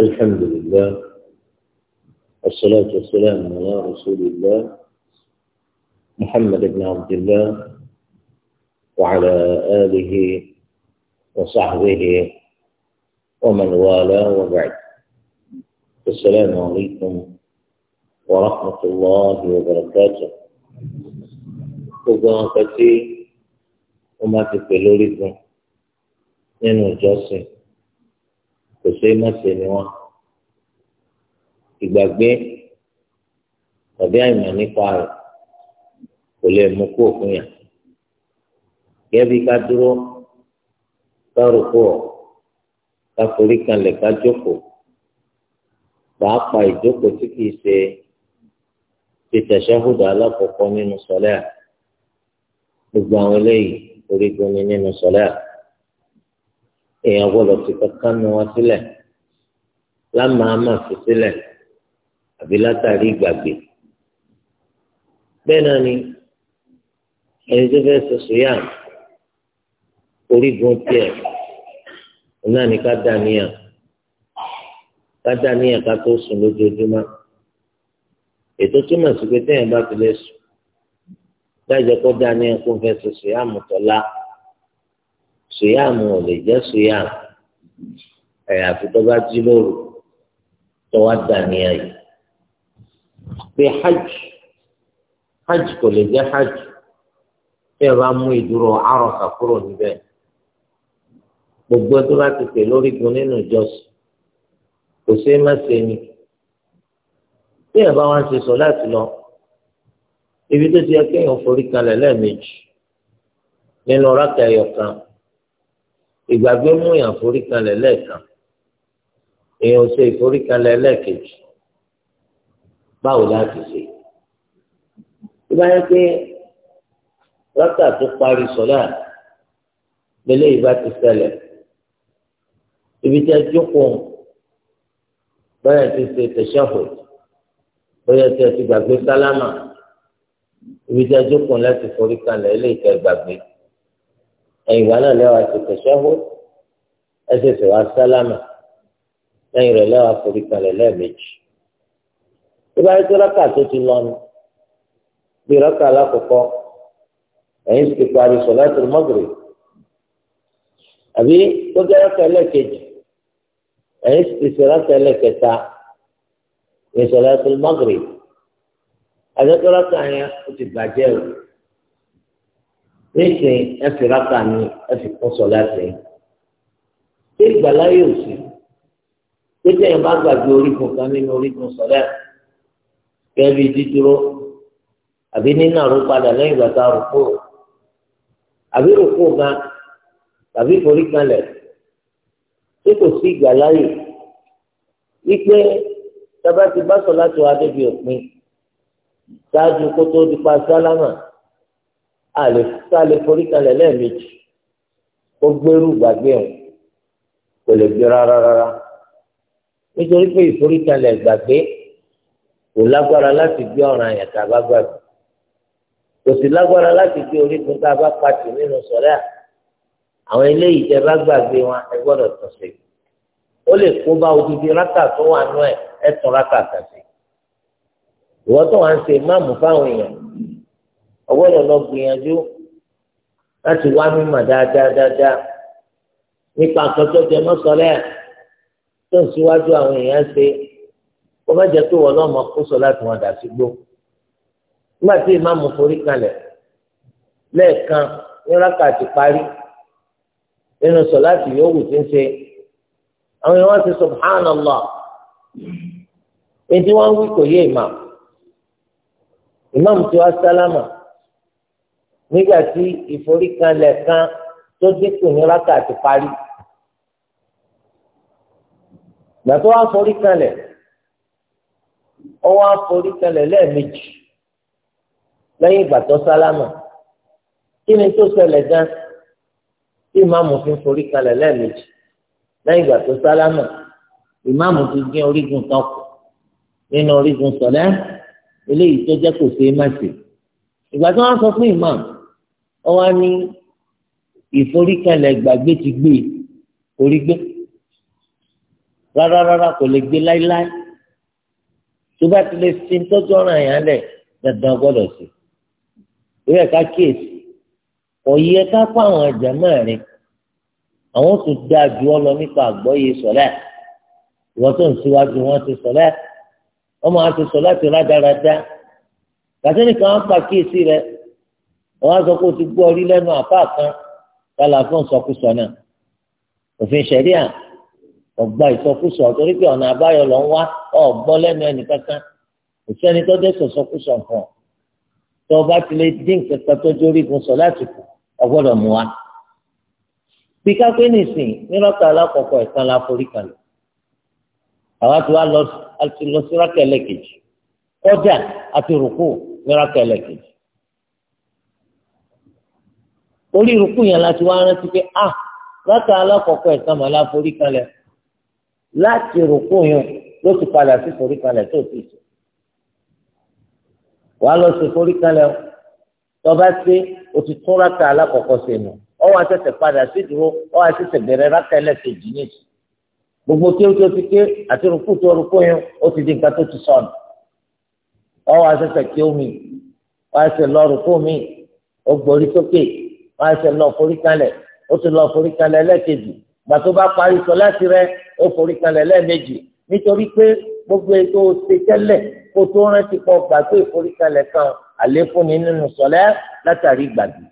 الحمد لله والصلاة والسلام على رسول الله محمد بن عبد الله وعلى آله وصحبه ومن والاه وبعد السلام عليكم ورحمة الله وبركاته gbogbo wọn kọ sí wọn máa ti pè lórí gan nínú ìjọsìn kò ṣe é má ṣe ni wọn ìgbàgbé tàbí àìmọ̀ nípa rẹ̀ kò lè mú kó fún yàn gẹ́bí ká dúró ká rúkú ọ̀ ká forí kanlẹ̀ ká jókòó pàápàá ìjókòó tí kìí ṣe ìtẹ̀sẹ́hùdà alákọ̀ọ́kọ́ nínú sọ́lẹ́à gbogbo àwọn eléyìí orígun ni nínú sọ́lẹ́à èèyàn gbọ́dọ̀ fi kankan nu wọn sílẹ̀ lámàámà fi sílẹ̀ àbí látàrí ìgbàgbé bẹ́ẹ̀ náà ni ẹni tó fẹ́ sọsọ yá orígun tiẹ̀ náà ni ká dá níyàn ká dá níyàn ká tó sùn lójoojúmọ́ ètò túmọ̀ sí pé téèyàn bá fi lè sùn dájọ́ kó dá níyàn kó fẹ́ sọsọ yá mọ̀tọ́lá sùyàmù ò lè jẹ́ sùyàmù àyàfi tó bá jí lóru tó wá dàníyà yìí pé hajj hajj kò lè jẹ́ hajj tí ẹ bá mú ìdúró àròsà kúrò níbẹ̀ gbogbo tó bá ti pè lórí gun nínú ìjọsìn kò ṣeé má ṣe ni tí ẹ bá wá ń sọ láti lọ ibi tó ti yẹ kéèyàn forí kalẹ̀ lẹ́ẹ̀mejì nínú rákà ẹyọ kan ìgbàgbé mú yàn foríkalẹ̀ lẹ́ẹ̀kan èèyàn ṣe ìforíkalẹ̀ lẹ́ẹ̀kejì báwo láti ṣe tó bá yẹ pé rákà tó parí sọlá lélẹ́ ìbá ti ṣẹlẹ̀ ibi tí a jókòó báyà ti ṣe tẹ̀síọ̀fọ̀ bóyá tí a ti gbàgbé sálámà ibi tí a jókòó láti foríkalẹ̀ lẹ́ẹ̀kẹ́ gbàgbé ẹ̀yìn ìgbà náà lẹ́wà ti tẹ̀sẹ̀ hó ẹsẹ̀ sì wá sálámà lẹ́yìn rẹ̀ lẹ́wà forí kalẹ̀ lẹ́ẹ̀mejì. tó bá yẹ kí rákà tó ti lọ ni bí rákà alákọ̀ọ́kọ́ ẹ̀yìn sì ti parí sọ̀láàtì mọ́gìrì àbí tó jẹ́ rákà ẹlẹ́ẹ̀kejì ẹ̀yìn sì ti rákà ẹlẹ́ẹ̀kẹta ní sọ̀láàtì mọ́gìrì àdékọ́rákà yẹn ó ti bàjẹ́ rẹ̀ níṣẹ ẹsẹ rákà ni ẹsẹ kọ sọ láti ẹ ṣé ìgbàlá yóò sí pé tẹyìn bá gbàgbé orígun kan nínú orígun sọlẹ kẹbi dídúró àbí nínú àrùn padà lẹ́yìn ìgbà tá a rò kúrò àbí rò kúrò gan tàbí forí kanlẹ̀ ṣé kò sí ìgbàláyè wípé tábà ti bá sọ láti wá débi òpin ṣáájú kó tó di pa àlè tá a lè forí kalẹ̀ lẹ́ẹ̀mejì kó gbẹ́rù gbàgbé wọn kò lè gbé rárá rárá nítorí pé ìforí kalẹ̀ gbàgbé kò lágbára láti gbé ọ̀ràn àyàn tá a bá gbàgbé kò sì lágbára láti gbé orígun tá a bá pàtì nínú sọ̀rẹ́ à àwọn eléyìí tẹ bá gbàgbé wọn ẹ gbọ́dọ̀ tún sí ó lè kó bá odidi rákà tó wà nú ẹ ẹ tún rákà kà sí ìwọ́n tó wà ń ṣe máàmù fáwọn èèyàn ọgbọ́dọ̀ lọ gbìyànjú láti wá mímọ̀ dáadáa dáadáa nípa àkọ́tọ́ jẹ mọ́sọ̀lẹ́ tó ń síwájú àwọn èèyàn ṣe kó má jẹ́ pé wọ́n náà mọ̀ kó sọ láti wọn dà sí gbó. nígbà tí ìmáàmù forí kalẹ̀ lẹ́ẹ̀kan ní rákàtí parí nínú sọ láti yòówù tí ń ṣe àwọn èèyàn wọ́n ti subhanallah ètí wọ́n wí kò yé ìmáàmù ìmáàmù tí wọ́n sálámà nígbà tí ìforíkanlẹ̀ kan tó dínkù ní rákàtí parí ìgbà tó wá foríkanlẹ̀ ó wá foríkanlẹ̀ lẹ́ẹ̀mejì lẹ́yìn ìgbà tó sálámà kí ni tó ṣẹlẹ̀ gan tí ìmáàmù fi foríkanlẹ̀ lẹ́ẹ̀mejì lẹ́yìn ìgbà tó sálámà ìmáàmù ti dín orígun kan kù nínú orígun sọlẹ eléyìí tó jẹ́ kò ṣeé má ṣe ìgbà tí sọ fún ìmáàmù wọ́n wá ní ìforíkalẹ̀ gbàgbé ti gbé orí gbé rárá rárá kò lè gbé láíláí tó bá ti lè sin tọ́jú ọ̀ràn yẹn lẹ̀ dandan gbọ́dọ̀ sí ìwé ẹ̀ka kíyèsí òye ẹ̀ka kó àwọn àjàmọ́ rẹ̀ àwọn tó dáa ju ọ lọ nípa àgbọ́yé sọ̀lẹ́ ìwọ́n tó ń síwájú wọn ti sọ̀lẹ́ wọ́n máa ti sọ̀lẹ́ ti rádaràda kàtẹ́nìkan á pa kíyèsí rẹ̀ wọn á sọ pé o ti gbọ́ orí lẹ́nu àpá kan kálá fún sọkúsọ náà òfin ṣẹ̀ríà ọgbà ìsọkúsọ torí pé ọ̀nà àbáyọ lọ ń wá ọ̀gbọ́ lẹ́nu ẹnì kankan kò sẹ́ni tó dé sọ̀sọkúsọ nǹkan tó o bá ti lè dín kankan tó jórí gun sọ láti kù ọgbọ́dọ̀ mú wa. bí kápẹ́ nìsín nírọ̀tà alákọ̀ọ́kọ́ ẹ̀sán la forí kalẹ̀ àwa ti wá lọ sí rákẹ́lẹ̀ kọjá àti rùkú ní rákẹ́lẹ̀ orí ìrùkù yẹn láti wá rántí pé a ah, láti alákọ̀ọ́kọ́ ẹ̀sán màlá forí kalẹ̀ láti ìrùkù yẹn ló ti padà sí forí kalẹ̀ tó ti sùn wàá lọ sí forí kalẹ̀ tọba ṣe o ti tún rákà alákọ̀ọ́kọ́ ṣe nù ọ wá ṣẹ̀ṣẹ̀ padà sí ìdúró ọ wá ṣẹ̀ṣẹ̀ bẹ̀rẹ̀ rákà ẹlẹ́kejì gbogbo kí o tó ti ké àti rúkú tó rúkú yẹn ó ti di nǹkan tó ti sọnù ọ wá ṣẹ̀ṣẹ̀ kí omi wá ṣe lọ rúkú mi o gborí sókè wọn ṣe lọ forí kalẹ̀ ó ti lọ forí kalẹ̀ lẹ́ẹ̀kejì gbà tó bá parí sọ láti rẹ ó forí kalẹ̀ lẹ́ẹ̀mejì nítorí pé gbogbo ètò ṣe tẹ́lẹ̀ kó tó rántí pọ̀ gbà tó ìforí kalẹ̀ kan àlékún ní nínú sọ̀lẹ́ látàrí gbàgbé.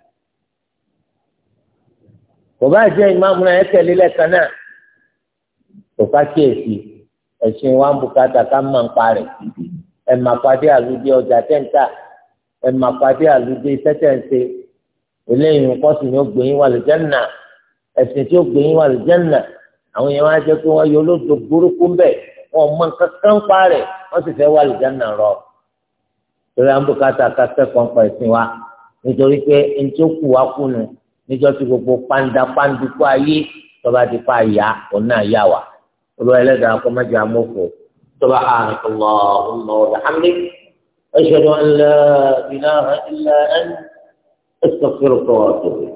kò bá jẹ́ ìmáàmù náà ẹ̀kẹ́lẹ́ lẹ́ẹ̀kan náà kò ká kíyèsí ẹ̀sìn wa ń bùkátà ká máa ń parẹ̀ ẹ̀ máa pàdé àlùdé ọjà tẹ́ǹtà ẹ̀ máa pàdé àlùdé sẹ́tẹ̀ǹsẹ̀ eléyìí nǹkan sì ni ó gbé yín wà lè jẹ́nà ẹ̀sìn tí ó gbé yín wà lè jẹ́nà àwọn èèyàn wá jẹ́ pé wọ́n yọ olóòtú burúkú ń bẹ̀ wọ́n mọ nǹkan kan ń pa rẹ̀ wọ́n sì fẹ́ wà lè jẹ́nà rọ. torí àwọn bùkátà akẹ́kọ̀ọ́ ń pa ẹ̀sìn wa nítorí pé ẹni tó kù wá kùnú níjọ́ tí gbogbo pàǹdà pàǹdùkú ayé tọ́ba ti pa àyà òun náà yà wá olúwa ẹlẹ́dàá kọ́ mẹ́jọ amófo tọ́ba àrùn استغفرك واتوب